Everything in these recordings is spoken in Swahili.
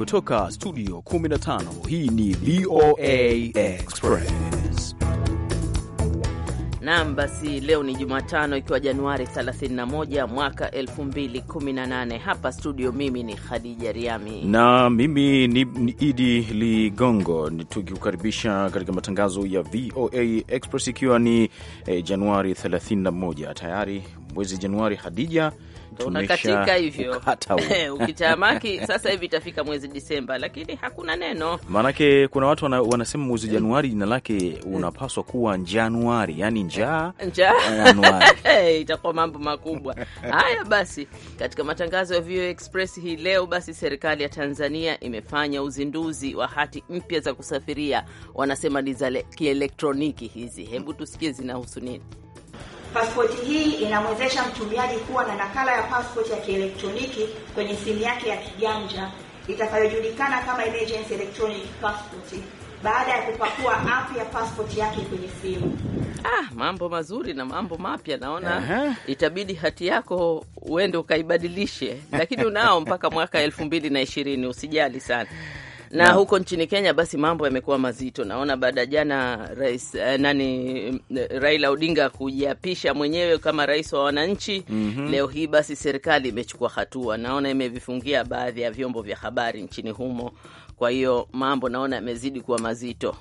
Kutoka studio 15 hii ni VOA Express. Naam, basi leo ni Jumatano ikiwa Januari 31 mwaka 2018. Hapa studio mimi ni Khadija Riami na mimi ni, ni Idi Ligongo tukikukaribisha katika matangazo ya VOA Express ikiwa ni eh, Januari 31 tayari mwezi Januari Khadija unakatika hivyo ukitamaki sasa hivi itafika mwezi Disemba, lakini hakuna neno, maanake kuna watu wana, wanasema mwezi Januari jina lake unapaswa kuwa Januari, yani njaa eh, Januari itakuwa mambo makubwa haya. Basi katika matangazo ya VOA Express hii leo, basi serikali ya Tanzania imefanya uzinduzi wa hati mpya za kusafiria, wanasema ni za kielektroniki hizi. Hebu tusikie zinahusu nini? Pasipoti hii inamwezesha mtumiaji kuwa na nakala ya pasipoti ya kielektroniki kwenye simu yake ya kiganja itakayojulikana kama Emergency Electronic Passport baada ya kupakua app ya pasipoti yake kwenye simu. Ah, mambo mazuri na mambo mapya naona. Aha. Itabidi hati yako uende ukaibadilishe, lakini unao mpaka mwaka elfu mbili na ishirini. Usijali sana na, na huko nchini Kenya basi mambo yamekuwa mazito. Naona baada jana rais eh, nani eh, Raila Odinga kujiapisha mwenyewe kama rais wa wananchi mm -hmm. Leo hii basi serikali imechukua hatua, naona imevifungia baadhi ya vyombo vya habari nchini humo. Kwa hiyo mambo naona yamezidi kuwa mazito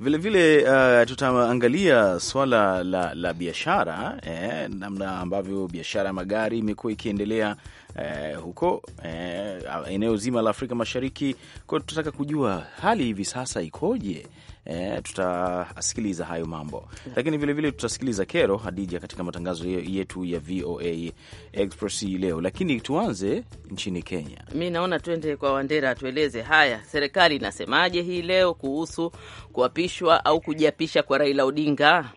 vilevile. Uh, eh, tutaangalia swala la, la biashara eh, namna ambavyo biashara ya magari imekuwa ikiendelea eh, huko eh, eneo zima la Afrika Mashariki. Kwa hiyo tunataka kujua hali hivi sasa ikoje? Eh, tutasikiliza hayo mambo yeah. Lakini vilevile tutasikiliza kero Hadija katika matangazo yetu ya VOA Express leo, lakini tuanze nchini Kenya. Mi naona tuende kwa Wandera atueleze haya, serikali inasemaje hii leo kuhusu kuapishwa au kujiapisha kwa Raila Odinga.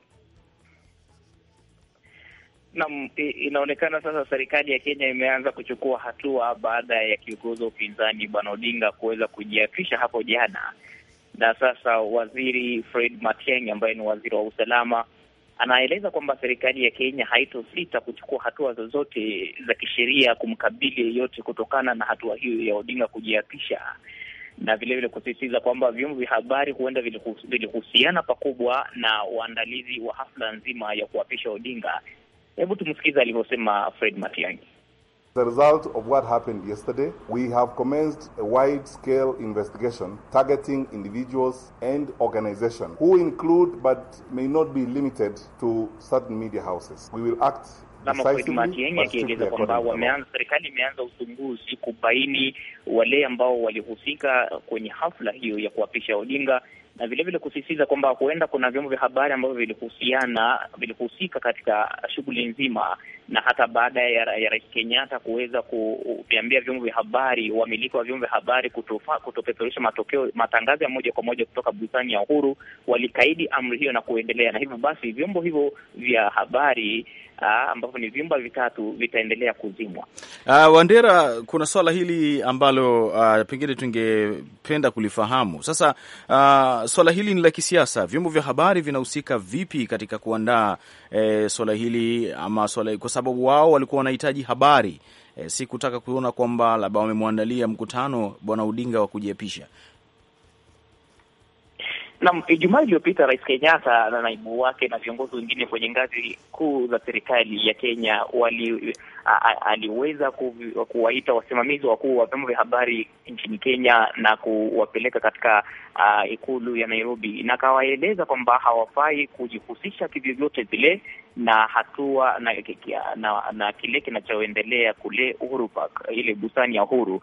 Naam, inaonekana sasa serikali ya Kenya imeanza kuchukua hatua baada ya kiongozi wa upinzani Bwana Odinga kuweza kujiapisha hapo jana, na sasa waziri Fred Matiang'i ambaye ni waziri wa usalama anaeleza kwamba serikali ya Kenya haitosita kuchukua hatua zozote za kisheria kumkabili yeyote kutokana na hatua hiyo ya Odinga kujiapisha, na vilevile kusisitiza kwamba vyombo vya habari huenda vilihusiana pakubwa na uandalizi wa hafla nzima ya kuapisha Odinga Hebu tumsikiza alivyosema Fred Matiang'i. As a result of what happened yesterday, we have commenced a wide-scale investigation targeting individuals and organizations who include but may not be limited to certain media houses. We will act akieleza kwamba wameanza, serikali imeanza uchunguzi kubaini wale ambao walihusika kwenye hafla hiyo ya kuapisha Odinga na vilevile kusisitiza kwamba huenda kuna vyombo vya habari ambavyo vilihusiana vilihusika katika shughuli nzima na hata baada ya Rais Kenyatta kuweza kuviambia vyombo vya habari, wamiliki wa vyombo vya habari kutopeperusha matokeo matangazo ya moja kwa moja kutoka bustani ya Uhuru, walikaidi amri hiyo na kuendelea na hivyo basi vyombo hivyo vya habari ah, ambavyo ni vyumba vitatu vitaendelea kuzimwa. Uh, Wandera, kuna swala hili ambalo uh, pengine tungependa kulifahamu sasa. Uh, swala hili ni la kisiasa. Vyombo vya habari vinahusika vipi katika kuandaa e, swala hili ama swala, kwa sababu wao walikuwa wanahitaji habari e, si kutaka kuona kwamba labda wamemwandalia mkutano bwana Odinga wa kujiapisha. Naam, Ijumaa iliyopita Rais Kenyatta na naibu wake na viongozi wengine kwenye ngazi kuu za serikali ya Kenya wali aliweza kuwaita wasimamizi wakuu wa vyombo vya habari nchini Kenya na kuwapeleka katika uh, ikulu ya Nairobi, na akawaeleza kwamba hawafai kujihusisha kivyovyote vile na hatua na, na, na kile kinachoendelea kule Uhuru Park, ile bustani ya Uhuru.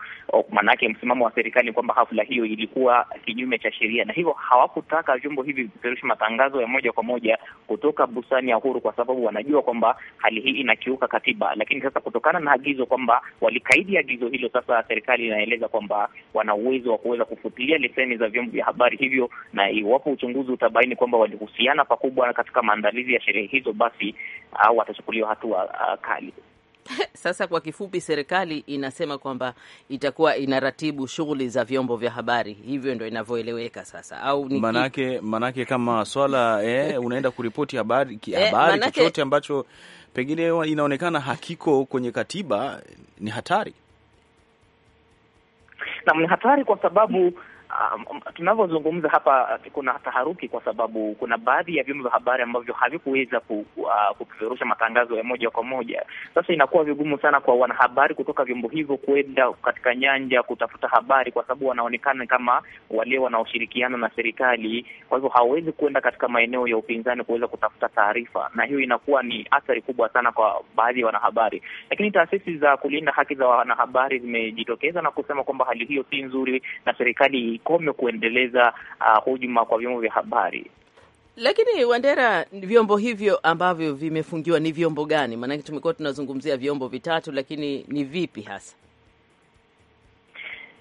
Maanake msimamo wa serikali kwamba hafla hiyo ilikuwa kinyume cha sheria, na hivyo hawakutaka vyombo hivi vipeperushe matangazo ya moja kwa moja kutoka bustani ya Uhuru kwa sababu wanajua kwamba hali hii inakiuka katiba. Lakini sasa kutokana na agizo kwamba walikaidi agizo hilo, sasa serikali inaeleza kwamba wana uwezo wa kuweza kufutilia leseni za vyombo vya habari hivyo, na iwapo uchunguzi utabaini kwamba walihusiana pakubwa katika maandalizi ya sherehe hizo, basi vipi au watachukuliwa hatua uh, kali. Sasa kwa kifupi, serikali inasema kwamba itakuwa inaratibu shughuli za vyombo vya habari, hivyo ndo inavyoeleweka sasa, au ni manake, manake kama swala eh, unaenda kuripoti habari kihabari eh, chochote ambacho pengine inaonekana hakiko kwenye katiba, ni hatari na ni hatari kwa sababu Um, um, tunavyozungumza hapa uh, kuna taharuki kwa sababu kuna baadhi ya vyombo vya habari ambavyo havikuweza uh, kupeperusha matangazo ya moja kwa moja. Sasa inakuwa vigumu sana kwa wanahabari kutoka vyombo hivyo kwenda katika nyanja kutafuta habari, kwa sababu wanaonekana kama wale wanaoshirikiana na serikali. Kwa hivyo hawawezi kuenda katika maeneo ya upinzani kuweza kutafuta taarifa, na hiyo inakuwa ni athari kubwa sana kwa baadhi ya wanahabari. Lakini taasisi za kulinda haki za wanahabari zimejitokeza na kusema kwamba hali hiyo si nzuri na serikali ikome kuendeleza uh, hujuma kwa vyombo vya habari. Lakini Wandera, vyombo hivyo ambavyo vimefungiwa ni vyombo gani? Maanake tumekuwa tunazungumzia vyombo vitatu, lakini ni vipi hasa?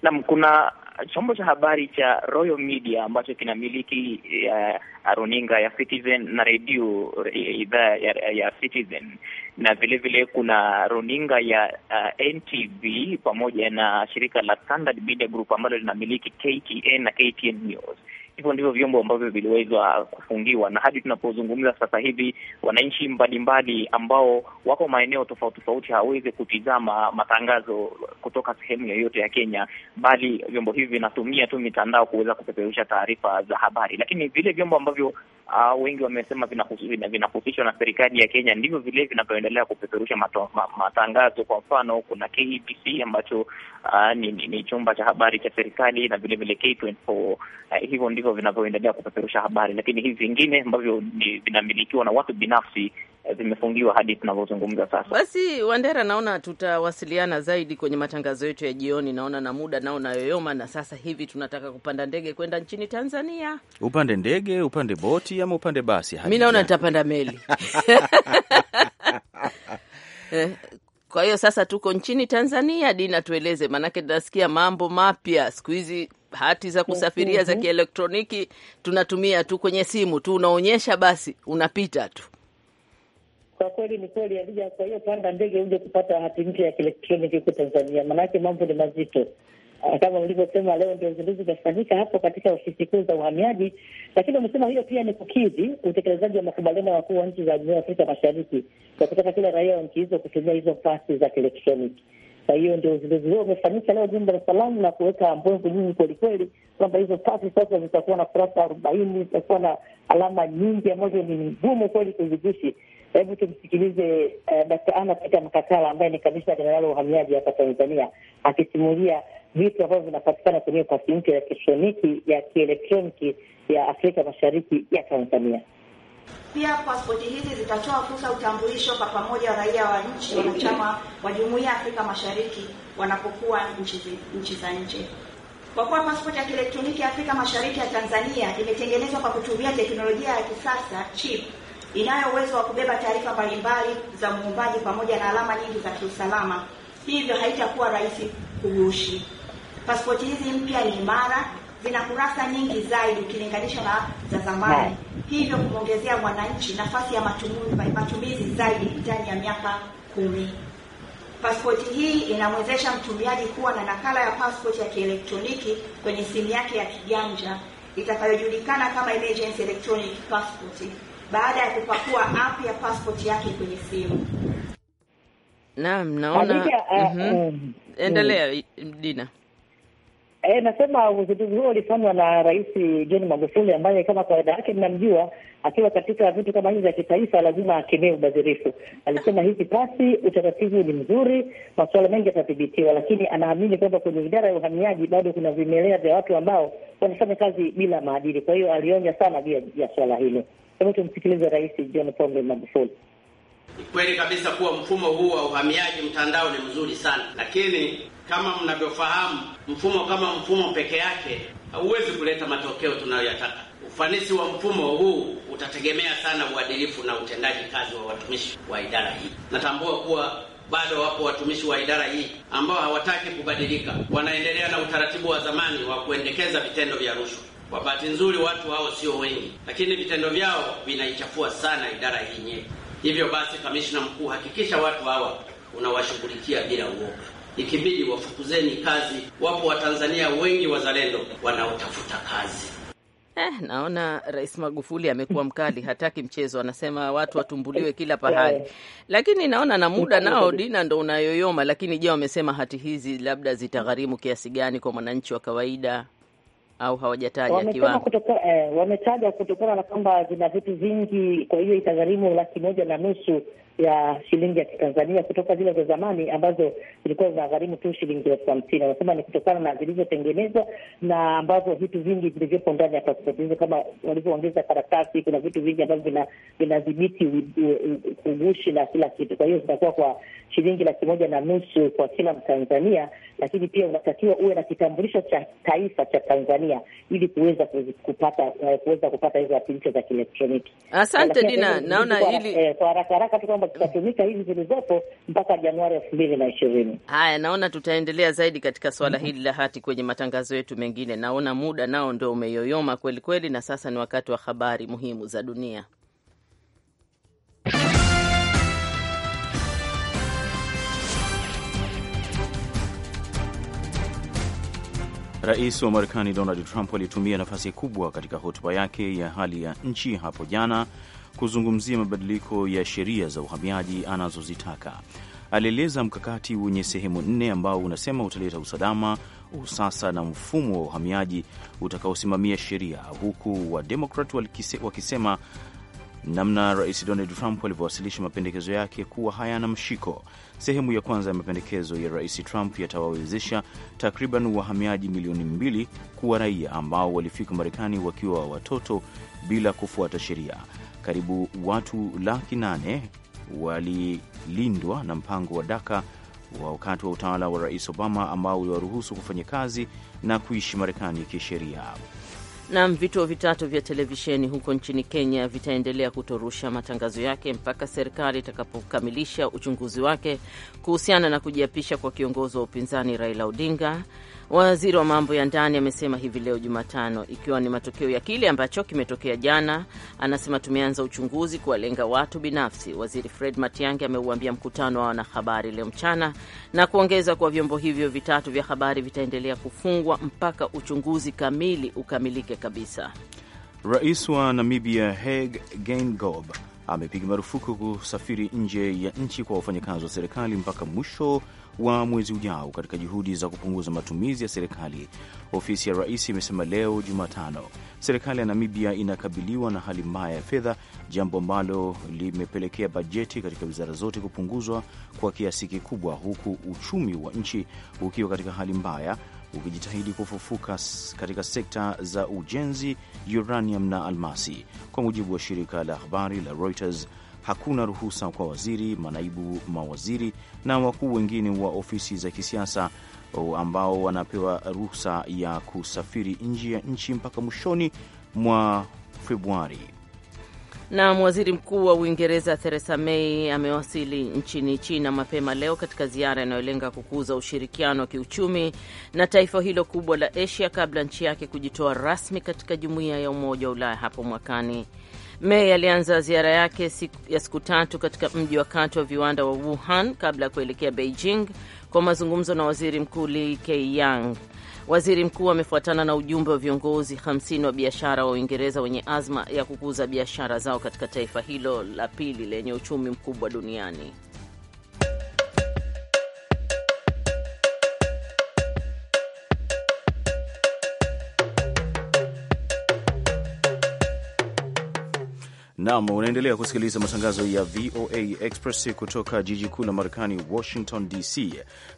Naam, kuna chombo cha habari cha Royal Media ambacho kinamiliki uh, runinga ya Citizen na redio eh, idhaa ya, ya Citizen na vile vile kuna runinga ya uh, eh, NTV pamoja na shirika la Standard Media Group ambalo linamiliki KTN na KTN News hivyo ndivyo vyombo ambavyo viliweza kufungiwa, na hadi tunapozungumza sasa hivi wananchi mbalimbali ambao wako maeneo tofauti tofauti hawawezi kutizama matangazo kutoka sehemu yoyote ya Kenya, bali vyombo hivi vinatumia tu mitandao kuweza kupeperusha taarifa za habari. Lakini vile vyombo ambavyo uh, wengi wamesema vinahusishwa na serikali ya Kenya ndivyo vile vinavyoendelea kupeperusha mato, ma, matangazo. Kwa mfano kuna KBC e ambacho uh, ni, ni, ni chumba cha habari cha serikali na vilevile K24 uh, ah, hivyo ndivyo vinavyoendelea kupeperusha habari, lakini hivi vingine ambavyo vinamilikiwa na watu binafsi eh, vimefungiwa hadi tunavyozungumza sasa. Basi Wandera, naona tutawasiliana zaidi kwenye matangazo yetu ya jioni. Naona na muda nao nayoyoma, na sasa hivi tunataka kupanda ndege kwenda nchini Tanzania. Upande ndege, upande boti ama upande basi? Mi naona nitapanda meli eh, kwa hiyo sasa tuko nchini Tanzania. Dina, tueleze, maanake nasikia mambo mapya siku hizi hati za kusafiria mm -hmm. za mhm. kielektroniki tunatumia tu kwenye simu tu, unaonyesha basi unapita tu. Kwa kweli ni kweli, Adija. Kwa hiyo panda ndege uje kupata hati mpya ya kielektroniki huku Tanzania, maanake mambo ni mazito ah, kama ulivyosema leo ndio uzinduzi umefanyika hapo katika ofisi kuu za uhamiaji, lakini wamesema hiyo pia ni kukidhi utekelezaji wa makubaliano ya wakuu wa nchi za Jumuiya ya Afrika Mashariki kwa kutaka kila raia wa nchi hizo kutumia hizo pasi za kielektroniki. Kwa hiyo ndio uzinduzi huo umefanyika leo jijini Dar es Salaam na kuweka mbwembo nyingi kwelikweli, kwamba hizo pasi sasa zitakuwa na kurasa arobaini, zitakuwa na alama nyingi ambazo ni ngumu kweli kuzidishi. Hebu tumsikilize eh, Dkt. Anna Peter Mkakala ambaye ni kamishna jenerali wa uhamiaji hapa Tanzania akisimulia vitu ambavyo vinapatikana kwenye pasi mpya ya kishoniki ya kielektroniki ya Afrika Mashariki ya Tanzania. Pia pasipoti hizi zitatoa fursa utambulisho kwa pamoja raia wa nchi wanachama wa Jumuiya ya Afrika Mashariki wanapokuwa nchi za nje. Kwa kuwa pasipoti ya kielektroniki ya Afrika Mashariki ya Tanzania imetengenezwa kwa kutumia teknolojia ya kisasa chip inayo uwezo wa kubeba taarifa mbalimbali za muombaji pamoja na alama nyingi za kiusalama, hivyo haitakuwa rahisi kughushi. Pasipoti hizi mpya ni imara zina kurasa nyingi zaidi ukilinganisha na za zamani no. Hivyo kumwongezea mwananchi nafasi ya matumizi, matumizi zaidi ndani ya miaka kumi. Pasipoti hii inamwezesha mtumiaji kuwa na nakala ya pasipoti ya kielektroniki kwenye simu yake ya kiganja itakayojulikana kama emergency electronic passport baada ya kupakua app ya passport yake kwenye simu. Naam, naona uh, mhm. um, endelea um. Dina. E, nasema uzinduzi huo ulifanywa na Rais John Magufuli ambaye kama kawaida yake mnamjua, akiwa katika vitu kama hivi vya kitaifa lazima akemee ubadhirifu. Alisema hivi pasi, utaratibu ni mzuri, masuala mengi yatadhibitiwa, lakini anaamini kwamba kwenye idara ya uhamiaji bado kuna vimelea vya watu ambao wanafanya kazi bila maadili. Kwa hiyo alionya sana juu ya swala hilo. Hebu tumsikilize Rais John Pombe Magufuli. Ni kweli kabisa kuwa mfumo huu wa uhamiaji mtandao ni mzuri sana, lakini kama mnavyofahamu, mfumo kama mfumo peke yake hauwezi kuleta matokeo tunayoyataka. Ufanisi wa mfumo huu utategemea sana uadilifu na utendaji kazi wa watumishi wa idara hii. Natambua kuwa bado wapo watumishi wa idara hii ambao hawataki kubadilika, wanaendelea na utaratibu wa zamani wa kuendekeza vitendo vya rushwa. Kwa bahati nzuri, watu hao sio wengi, lakini vitendo vyao vinaichafua sana idara hii nyewe. Hivyo basi, kamishna mkuu, hakikisha watu hawa unawashughulikia bila uoga. Ikibidi wafukuzeni kazi. Wapo Watanzania wengi wazalendo wanaotafuta kazi. Eh, naona Rais Magufuli amekuwa mkali, hataki mchezo, anasema watu watumbuliwe kila pahali. Eh. Lakini naona na muda nao dina ndo unayoyoma. Lakini je, wamesema hati hizi labda zitagharimu kiasi gani kwa mwananchi wa kawaida? au hawajataja kiwango kutoka, eh, wametaja kutokana na kwamba zina vitu vingi, kwa hiyo itagharimu laki moja na nusu ya shilingi ya Kitanzania kutoka zile za zamani ambazo zilikuwa zinagharimu tu shilingi elfu hamsini. Wanasema ni kutokana na zilizotengenezwa na ambazo vitu vingi vilivyopo ndani ya pasipoti hizo, kama walivyoongeza karatasi, kuna vitu vingi ambavyo vinadhibiti kugushi na kila kitu. Kwa hiyo zinakuwa kwa shilingi laki moja na nusu kwa kila Mtanzania, lakini pia unatakiwa uwe na kitambulisho cha taifa cha Tanzania ili kuweza kupata eh, kuweza kupata hizo wasilisho za kielektroniki. Asante eh, Dina, naona hili eh, kwa haraka haraka tu kwamba tutatumika hizi zilizopo mpaka Januari elfu mbili na ishirini. Haya, naona tutaendelea zaidi katika swala hili la hati kwenye matangazo yetu mengine. Naona muda nao ndo umeyoyoma kweli kweli, na sasa ni wakati wa habari muhimu za dunia. Rais wa Marekani Donald Trump alitumia nafasi kubwa katika hotuba yake ya hali ya nchi hapo jana kuzungumzia mabadiliko ya sheria za uhamiaji anazozitaka. Alieleza mkakati wenye sehemu nne ambao unasema utaleta usalama, usasa na mfumo wa uhamiaji utakaosimamia sheria, huku Wademokrat wakisema namna Rais Donald Trump alivyowasilisha mapendekezo yake kuwa hayana mshiko. Sehemu ya kwanza ya mapendekezo ya Rais Trump yatawawezesha takriban wahamiaji milioni mbili kuwa raia ambao walifika Marekani wakiwa watoto bila kufuata sheria karibu watu laki nane walilindwa na mpango wa Daka wa wakati wa utawala wa Rais Obama ambao uliwaruhusu kufanya kazi na kuishi Marekani kisheria. Nam, vituo vitatu vya televisheni huko nchini Kenya vitaendelea kutorusha matangazo yake mpaka serikali itakapokamilisha uchunguzi wake kuhusiana na kujiapisha kwa kiongozi wa upinzani Raila Odinga Waziri wa mambo ya ndani amesema hivi leo Jumatano, ikiwa ni matokeo ya kile ambacho kimetokea jana. Anasema tumeanza uchunguzi kuwalenga watu binafsi. Waziri Fred Matiang'i ameuambia mkutano wa wanahabari leo mchana na kuongeza kuwa vyombo hivyo vitatu vya habari vitaendelea kufungwa mpaka uchunguzi kamili ukamilike kabisa. Rais wa Namibia Hage Geingob amepiga marufuku kusafiri nje ya nchi kwa wafanyakazi wa serikali mpaka mwisho wa mwezi ujao katika juhudi za kupunguza matumizi ya serikali. Ofisi ya rais imesema leo Jumatano serikali ya Namibia inakabiliwa na hali mbaya ya fedha, jambo ambalo limepelekea bajeti katika wizara zote kupunguzwa kwa kiasi kikubwa, huku uchumi wa nchi ukiwa katika hali mbaya ukijitahidi kufufuka katika sekta za ujenzi, uranium na almasi. Kwa mujibu wa shirika la habari la Reuters, hakuna ruhusa kwa waziri, manaibu mawaziri na wakuu wengine wa ofisi za kisiasa ambao wanapewa ruhusa ya kusafiri nje ya nchi mpaka mwishoni mwa Februari. Na waziri mkuu wa Uingereza Theresa May amewasili nchini China mapema leo katika ziara inayolenga kukuza ushirikiano wa kiuchumi na taifa hilo kubwa la Asia kabla nchi yake kujitoa rasmi katika jumuiya ya Umoja wa Ulaya hapo mwakani. May alianza ziara yake ya siku tatu katika mji wa kati wa viwanda wa Wuhan kabla ya kuelekea Beijing kwa mazungumzo na waziri mkuu Li K Yang. Waziri mkuu amefuatana na ujumbe wa viongozi 50 wa biashara wa Uingereza wenye azma ya kukuza biashara zao katika taifa hilo la pili lenye uchumi mkubwa duniani. Nam, unaendelea kusikiliza matangazo ya VOA Express kutoka jiji kuu la Marekani, Washington DC.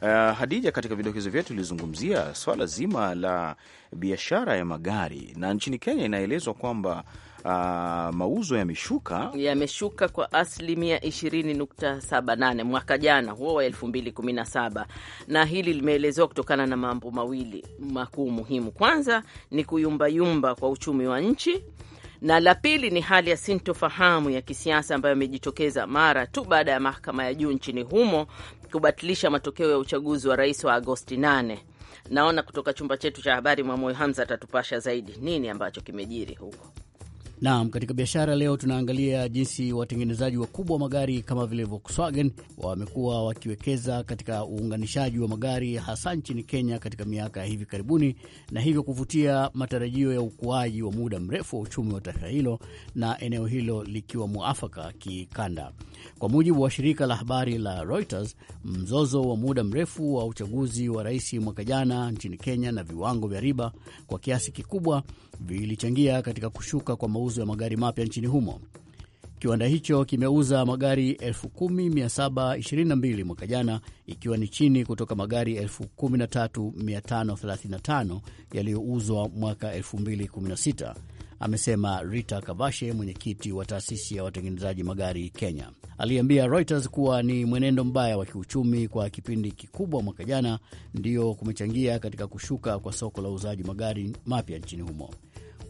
Uh, Hadija, katika vidokezo vyetu ilizungumzia swala zima la biashara ya magari, na nchini Kenya inaelezwa kwamba uh, mauzo yameshuka yameshuka kwa asilimia 20.78 mwaka jana huo wa 2017, na hili limeelezewa kutokana na mambo mawili makuu muhimu. Kwanza ni kuyumbayumba kwa uchumi wa nchi na la pili ni hali ya sintofahamu ya kisiasa ambayo imejitokeza mara tu baada ya mahakama ya juu nchini humo kubatilisha matokeo ya uchaguzi wa rais wa Agosti 8. Naona kutoka chumba chetu cha habari Mwamoyo Hamza atatupasha zaidi nini ambacho kimejiri huko. Naam, katika biashara leo tunaangalia jinsi watengenezaji wakubwa wa magari kama vile Volkswagen wamekuwa wakiwekeza katika uunganishaji wa magari hasa nchini Kenya katika miaka ya hivi karibuni, na hivyo kuvutia matarajio ya ukuaji wa muda mrefu wa uchumi wa taifa hilo na eneo hilo likiwa mwafaka kikanda. Kwa mujibu wa shirika la habari la Reuters, mzozo wa muda mrefu wa uchaguzi wa rais mwaka jana nchini Kenya na viwango vya riba kwa kiasi kikubwa vilichangia katika kushuka kwa mauzo ya magari mapya nchini humo. Kiwanda hicho kimeuza magari 10722 mwaka jana, ikiwa ni chini kutoka magari 13535 yaliyouzwa mwaka 2016, amesema Rita Kavashe, mwenyekiti wa taasisi ya watengenezaji magari Kenya. Aliambia Reuters kuwa ni mwenendo mbaya wa kiuchumi kwa kipindi kikubwa mwaka jana ndiyo kumechangia katika kushuka kwa soko la uuzaji magari mapya nchini humo.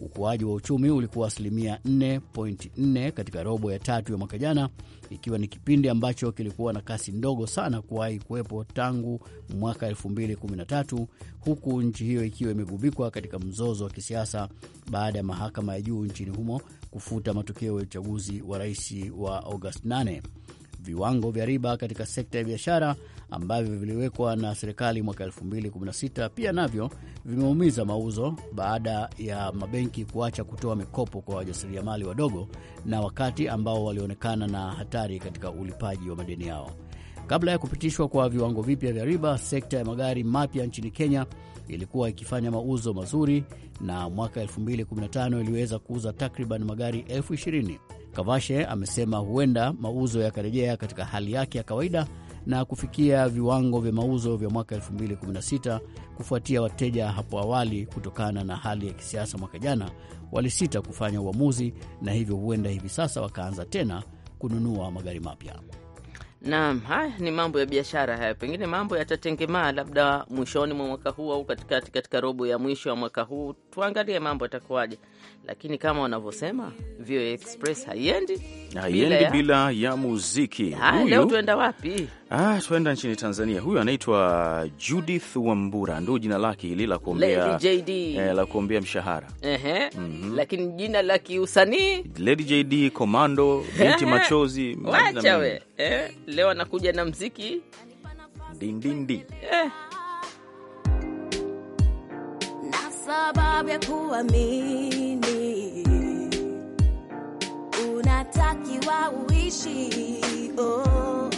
Ukuaji wa uchumi ulikuwa asilimia 4.4 katika robo ya tatu ya mwaka jana, ikiwa ni kipindi ambacho kilikuwa na kasi ndogo sana kuwahi kuwepo tangu mwaka 2013, huku nchi hiyo ikiwa imegubikwa katika mzozo wa kisiasa baada ya mahakama ya juu nchini humo kufuta matokeo ya uchaguzi wa rais wa Agosti 8 viwango vya riba katika sekta ya biashara ambavyo viliwekwa na serikali mwaka 2016 pia navyo vimeumiza mauzo baada ya mabenki kuacha kutoa mikopo kwa wajasiriamali wadogo na wakati ambao walionekana na hatari katika ulipaji wa madeni yao. Kabla ya kupitishwa kwa viwango vipya vya riba, sekta ya magari mapya nchini Kenya ilikuwa ikifanya mauzo mazuri, na mwaka 2015 iliweza kuuza takriban magari elfu ishirini. Kavashe amesema huenda mauzo yakarejea katika hali yake ya kawaida na kufikia viwango vya mauzo vya mwaka 2016 kufuatia wateja hapo awali, kutokana na hali ya kisiasa mwaka jana, walisita kufanya uamuzi na hivyo huenda hivi sasa wakaanza tena kununua magari mapya. Naam, haya ni mambo ya biashara haya. Pengine mambo yatatengemaa labda mwishoni mwa mwaka huu au katikati, katika robo ya mwisho ya mwaka huu, tuangalie mambo yatakuwaje lakini kama wanavyosema Vio Express haiendi haiendi bila, bila ya muziki. Ha, leo tuenda wapi? Ah, tuenda nchini Tanzania. Huyu anaitwa Judith Wambura, ndio jina lake hili la kuombea eh, la kuombea mshahara ehe, mm -hmm. Lakini jina la kiusanii Lady JD Komando, binti machozi, wacha we eh, leo anakuja na mziki dindindi eh. sababu ya kuamini, unatakiwa uishi oh,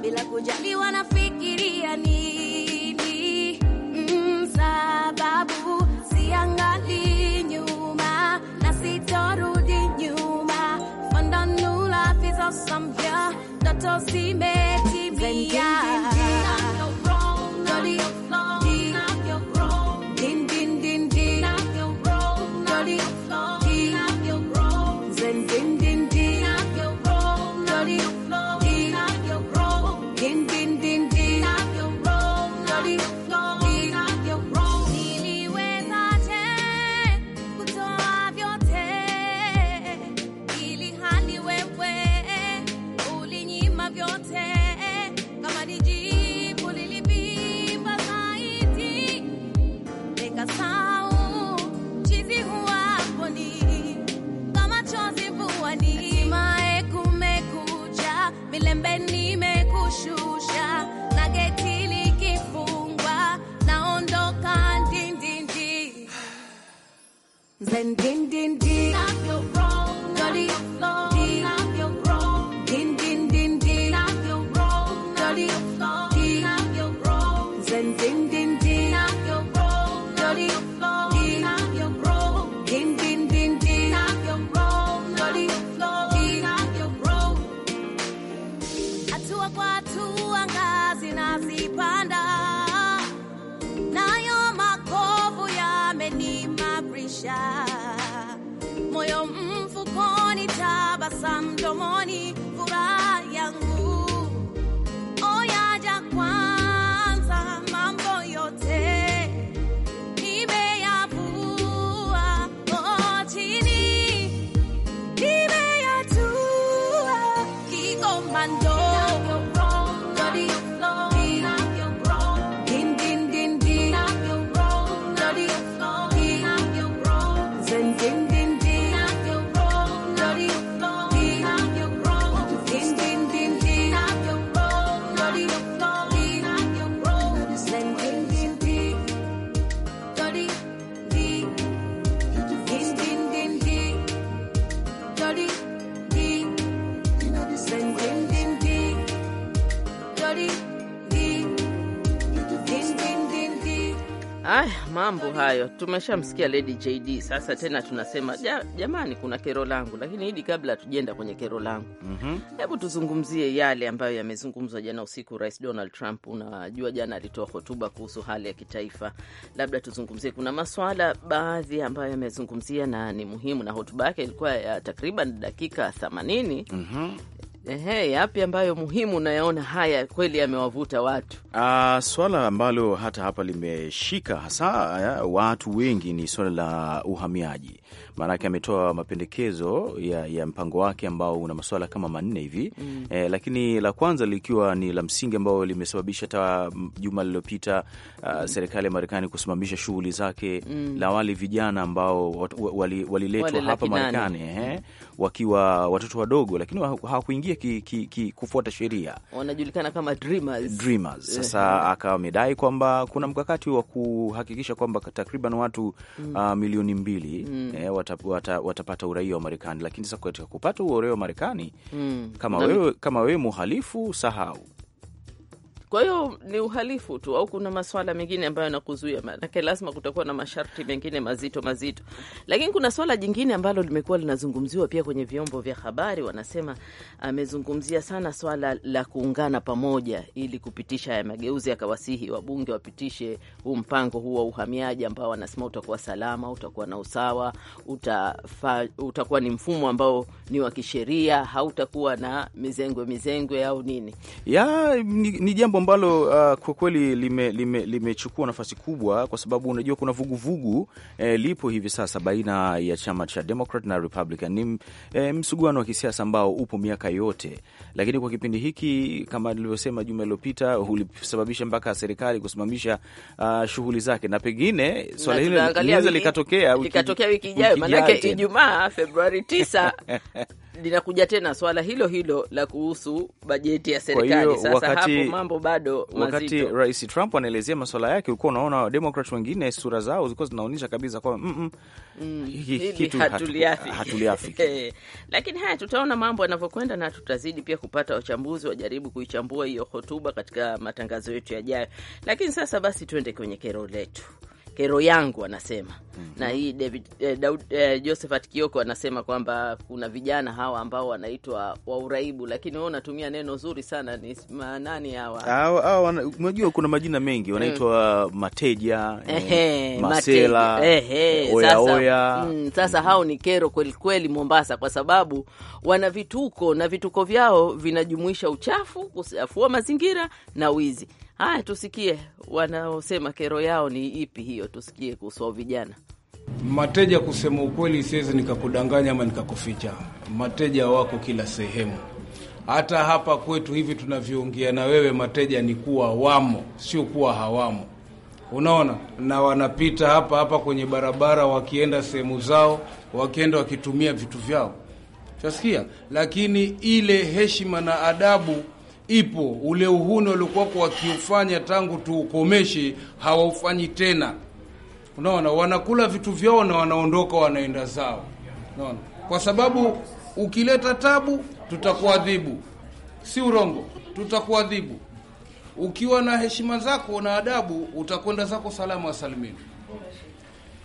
bila kujali wanafikiria nini mm, sababu siangali nyuma na sitorudi nyuma, fondanula vizosambya ndoto zimetimia mambo hayo. Tumeshamsikia Lady JD, sasa tena tunasema ja, jamani, kuna kero langu. Lakini hidi, kabla hatujenda kwenye kero langu, mm hebu -hmm. tuzungumzie yale ambayo yamezungumzwa jana usiku. Rais Donald Trump, unajua jana alitoa hotuba kuhusu hali ya kitaifa, labda tuzungumzie, kuna maswala baadhi ambayo yamezungumzia na ni muhimu, na hotuba yake ilikuwa ya takriban dakika 80 mm -hmm. Ehe, yapi ambayo muhimu unayaona haya kweli yamewavuta watu? Uh, swala ambalo hata hapa limeshika hasa eh, watu wengi ni swala la uhamiaji maanake ametoa mapendekezo ya, ya mpango wake ambao una masuala kama manne hivi mm. Eh, lakini la kwanza likiwa ni la msingi ambao limesababisha hata juma lililopita uh, mm. serikali ya Marekani kusimamisha shughuli zake mm. la wale vijana ambao waliletwa wali wali hapa Marekani eh, mm. wakiwa watoto wadogo, lakini hawakuingia kufuata sheria, wanajulikana kama dreamers. Dreamers. Eh. Sasa akawa amedai kwamba kuna mkakati wa kuhakikisha kwamba takriban watu mm. uh, milioni mbili mm. eh, watapata, watapata uraia wa Marekani. Lakini sasa katika kupata huo uraia wa Marekani mm, kama wewe, kama wewe muhalifu, sahau kwa hiyo ni uhalifu tu, au kuna maswala mengine ambayo yanakuzuia? Maanake lazima kutakuwa na masharti mengine mazito mazito. Lakini kuna swala jingine ambalo limekuwa linazungumziwa pia kwenye vyombo vya habari, wanasema ah, amezungumzia sana swala la kuungana pamoja ili kupitisha haya mageuzi, akawasihi wabunge wapitishe huu mpango huu wa uhamiaji ambao wanasema utakuwa salama, utakuwa na usawa, utafa, utakuwa ni mfumo ambao ni wa kisheria, hautakuwa na mizengwe mizengwe au nini ya, ni, ni jambo ambalo uh, kwa kweli limechukua lime, lime nafasi kubwa, kwa sababu unajua kuna vuguvugu vugu, eh, lipo hivi sasa baina ya chama cha Democrat na Republican. Ni eh, msuguano wa kisiasa ambao upo miaka yote, lakini kwa kipindi hiki kama nilivyosema juma iliyopita ulisababisha mpaka serikali kusimamisha uh, shughuli zake, na pengine swala hili linaweza likatokea wiki ijayo, maanake Ijumaa Februari 9 linakuja tena swala hilo hilo la kuhusu bajeti ya serikali. Sasa wakati, hapo mambo bado mazito. Wakati Rais Trump anaelezea masuala yake, ulikuwa unaona wademokrat wengine sura zao zilikuwa zinaonyesha kabisa kwamba mm -mm, mm, kitu hatuliafiki eh, Lakini haya, tutaona mambo yanavyokwenda na tutazidi pia kupata wachambuzi wajaribu kuichambua hiyo hotuba katika matangazo yetu yajayo. Lakini sasa basi tuende kwenye kero letu kero yangu anasema mm -hmm. na hii David, eh, Daud, eh, Josephat Kioko anasema kwamba kuna vijana hawa ambao wanaitwa wa uraibu, lakini wao unatumia neno zuri sana. Ni nani hawa? Unajua kuna majina mengi wanaitwa mm. mateja eh, masela eh, oya oya. Mm, sasa hao ni kero kweli kweli Mombasa, kwa sababu wana vituko na vituko vyao vinajumuisha uchafu, kuchafua mazingira na wizi. Haya, tusikie wanaosema kero yao ni ipi hiyo, tusikie kuhusu hao vijana. Mateja, kusema ukweli, siwezi nikakudanganya ama nikakuficha, mateja wako kila sehemu, hata hapa kwetu hivi tunavyoongea na wewe, mateja ni kuwa wamo, sio kuwa hawamo. Unaona, na wanapita hapa hapa kwenye barabara, wakienda sehemu zao, wakienda wakitumia vitu vyao, chasikia. Lakini ile heshima na adabu ipo. Ule uhuni waliokuwa wakiufanya tangu tuukomeshe hawaufanyi tena. Unaona, wanakula vitu vyao na wanaondoka wanaenda zao. Unaona, kwa sababu ukileta tabu tutakuadhibu, si urongo, tutakuadhibu. Ukiwa na heshima zako na adabu, utakwenda zako salama wasalimini.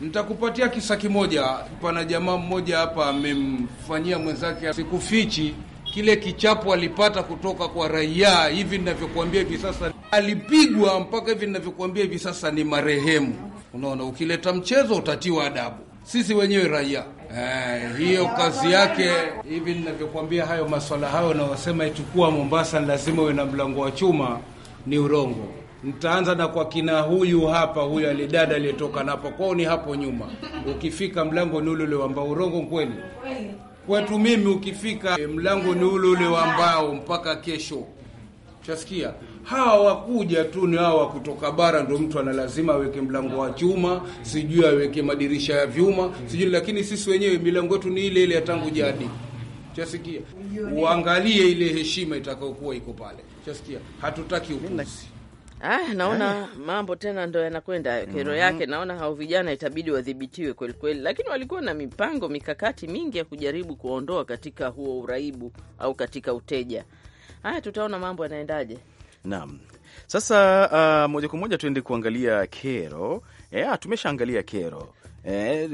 Nitakupatia kisa kimoja. Pana jamaa mmoja hapa amemfanyia mwenzake, sikufichi kile kichapo alipata kutoka kwa raia. Hivi ninavyokuambia hivi sasa alipigwa, mpaka hivi ninavyokuambia hivi sasa ni marehemu. Unaona, ukileta mchezo utatiwa adabu sisi wenyewe raia eh, hiyo kazi yake. Hivi ninavyokuambia hayo maswala hayo, nawasema ichukua Mombasa ni lazima uwe na mlango wa chuma, ni urongo. Nitaanza na kwa kina huyu hapa, huyu alidada aliyetoka napo kwao, ni hapo nyuma. Ukifika mlango ni ule ule ambao urongo kweli Kwetu mimi ukifika e, mlango ni ule ule wa mbao mpaka kesho. Chasikia hawa wakuja tu ni hawa kutoka bara, ndo mtu ana lazima aweke mlango wa chuma, sijui aweke madirisha ya vyuma, sijui. Lakini sisi wenyewe milango yetu ni ile ile ya tangu jadi. Chasikia uangalie ile heshima itakayokuwa iko pale. Chasikia hatutaki upuzi. Ah, naona mambo tena ndo yanakwenda hayo kero mm -hmm. yake. Naona hao vijana itabidi wadhibitiwe kweli kweli, lakini walikuwa na mipango mikakati mingi ya kujaribu kuondoa katika huo uraibu au katika uteja. Haya, tutaona mambo yanaendaje. Naam. Sasa uh, moja kwa moja tuende kuangalia kero. Yeah, eh, tumeshaangalia kero Eh,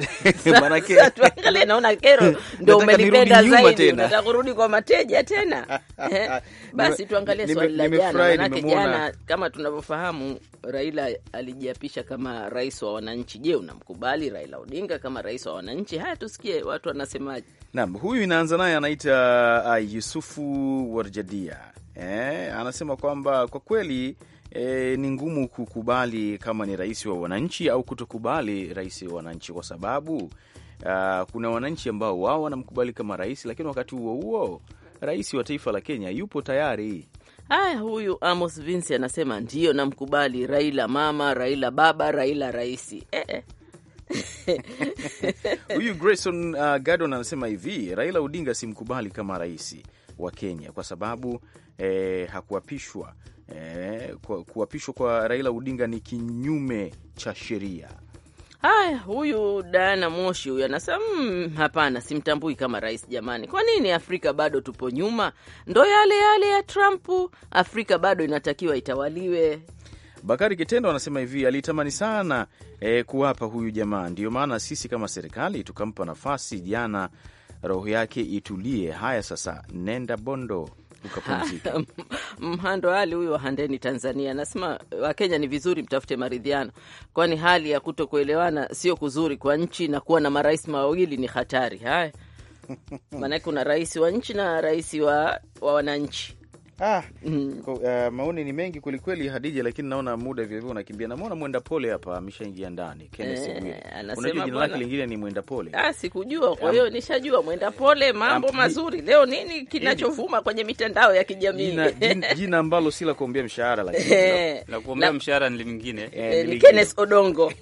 naona kero ndo umelipenda zaidi, kurudi kwa mateja tena. Eh, basi tuangalie swali la jana, manake jana kama tunavyofahamu, Raila alijiapisha kama rais wa wananchi. Je, unamkubali Raila Odinga kama rais wa wananchi? Haya, tusikie watu wanasemaje. Naam, huyu inaanza naye, anaita ah, Yusufu Warjadia. Eh, anasema kwamba kwa kweli e, ni ngumu kukubali kama ni rais wa wananchi au kutokubali rais wa wananchi, kwa sababu uh, kuna wananchi ambao wao wanamkubali kama rais, lakini wakati huo huo rais wa taifa la Kenya yupo tayari Haya, huyu Amos Vince anasema ndiyo, namkubali Raila mama, Raila baba, Raila raisi. Eh, eh. Huyu Grayson uh, Gadon anasema hivi, Raila Odinga simkubali kama raisi wa Kenya kwa sababu eh, hakuapishwa eh, kuapishwa kwa Raila Odinga ni kinyume cha sheria. Haya, huyu Dana Moshi huyu anasema mmm, hapana, simtambui kama rais. Jamani, kwa nini Afrika bado tupo nyuma? Ndo yale yale ya Trump, Afrika bado inatakiwa itawaliwe. Bakari Kitendo anasema hivi, alitamani sana e, kuwapa huyu jamaa, ndiyo maana sisi kama serikali tukampa nafasi jana, roho yake itulie. Haya sasa, nenda Bondo ukapumzika. Mhando Ali huyo Handeni Tanzania anasema Wakenya ni vizuri mtafute maridhiano, kwani hali ya kuto kuelewana sio kuzuri kwa nchi, na kuwa na marais mawili ni hatari. Haya, maanake kuna rais wa nchi na rais wa, wa wananchi Ah, mm. Uh, maoni ni mengi kwelikweli Hadija, lakini naona muda vilevile unakimbia. Namwona mwenda pole hapa ameshaingia ndani. Eh, unajua jina lake lingine ni mwenda pole. Ah, sikujua. Kwa hiyo nishajua mwenda pole, mambo am, mazuri leo. Nini kinachovuma yaani, kwenye mitandao ya kijamii? Jina ambalo si la kuombea mshahara, lakini eh, la kuombea mshahara ni lingine, eh, Kenneth Odongo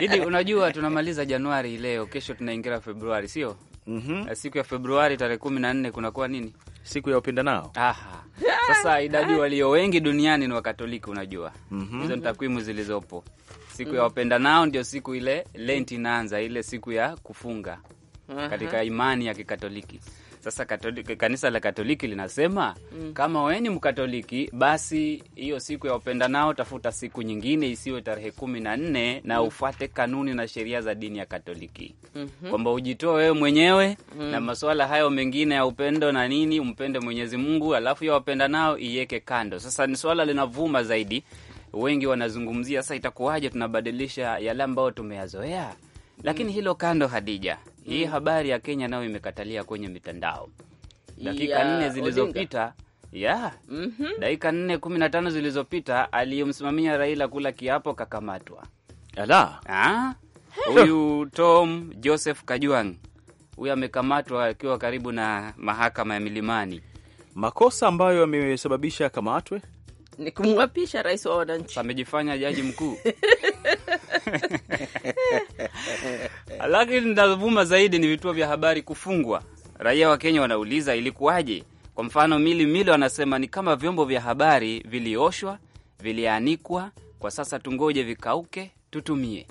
Hidi, unajua tunamaliza Januari leo, kesho tunaingia Februari, sio? Mm -hmm. Siku ya Februari tarehe kumi na nne kunakuwa nini? siku ya wapendanao. Aha. Sasa idadi walio wengi duniani ni Wakatoliki, unajua mm hizo -hmm. ni takwimu zilizopo. Siku ya wapendanao ndio siku ile Lent inaanza, ile siku ya kufunga katika imani ya Kikatoliki. Sasa Katoliki, kanisa la Katoliki linasema mm. kama wewe ni Mkatoliki, basi hiyo siku ya nao tafuta siku nyingine isiwe tarehe kumi na nne na mm. ufuate kanuni na sheria za dini ya Katoliki mm -hmm. kwamba ujitoe wewe mwenyewe mm. na masuala hayo mengine ya upendo na nini, umpende Mwenyezi Mungu, alafu ya nao iweke kando. Sasa ni swala linavuma zaidi, wengi wanazungumzia sasa, itakuwaje tunabadilisha yale ambayo tumeyazoea lakini mm. hilo kando, Hadija, hii mm. habari ya Kenya nayo imekatalia kwenye mitandao dakika nne zilizopita yeah. mm -hmm. dakika nne kumi na tano zilizopita aliyemsimamia Raila kula kiapo kakamatwa. Ala, huyu Tom Joseph Kajwang' huyu amekamatwa akiwa karibu na mahakama ya Milimani. Makosa ambayo yamesababisha akamatwe ni kumwapisha rais wa wananchi, amejifanya jaji mkuu Lakini navuma zaidi ni vituo vya habari kufungwa. Raia wa Kenya wanauliza ilikuwaje? Kwa mfano, Mili mili wanasema ni kama vyombo vya habari vilioshwa, vilianikwa, kwa sasa tungoje vikauke, tutumie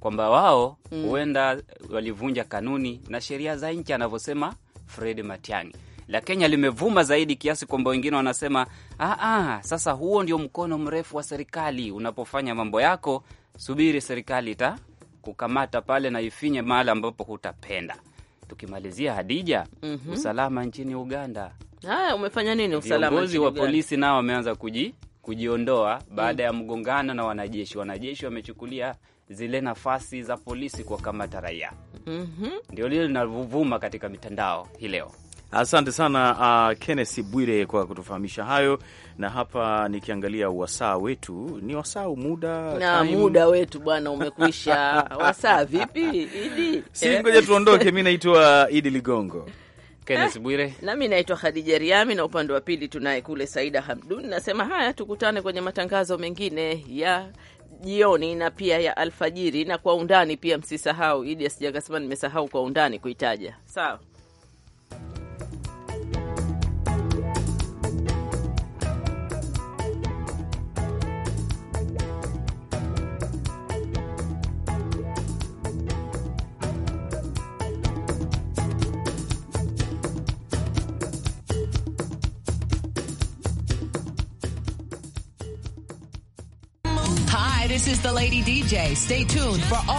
kwamba wao mm. huenda mm, walivunja kanuni na sheria za nchi, anavyosema Fred Matiang'i. La Kenya limevuma zaidi kiasi kwamba wengine wanasema aa, ah, ah, sasa huo ndio mkono mrefu wa serikali. Unapofanya mambo yako, subiri serikali ita kukamata pale na ifinye mahali ambapo hutapenda. Tukimalizia Hadija, mm -hmm. usalama nchini Uganda. Haya, umefanya nini usalama? Viongozi wa polisi nao wameanza kuji, kujiondoa baada mm. ya mgongano na wanajeshi. Wanajeshi wamechukulia zile nafasi za polisi kuwakamata raia. mm -hmm. Ndio lile linavuma katika mitandao hii leo. Asante sana uh, Kenneth Bwire kwa kutufahamisha hayo, na hapa nikiangalia wasaa wetu ni wasaa muda na time. Muda wetu bwana umekwisha. wasaa vipi Idi? Si ngoja tuondoke. mi naitwa Idi Ligongo Eh, nami naitwa Khadija Riami, na upande wa pili tunaye kule Saida Hamdun. Nasema haya, tukutane kwenye matangazo mengine ya jioni na pia ya alfajiri, na kwa undani pia msisahau. Idi asija kasema nimesahau kwa undani kuitaja, sawa? is the Lady DJ. Stay tuned for all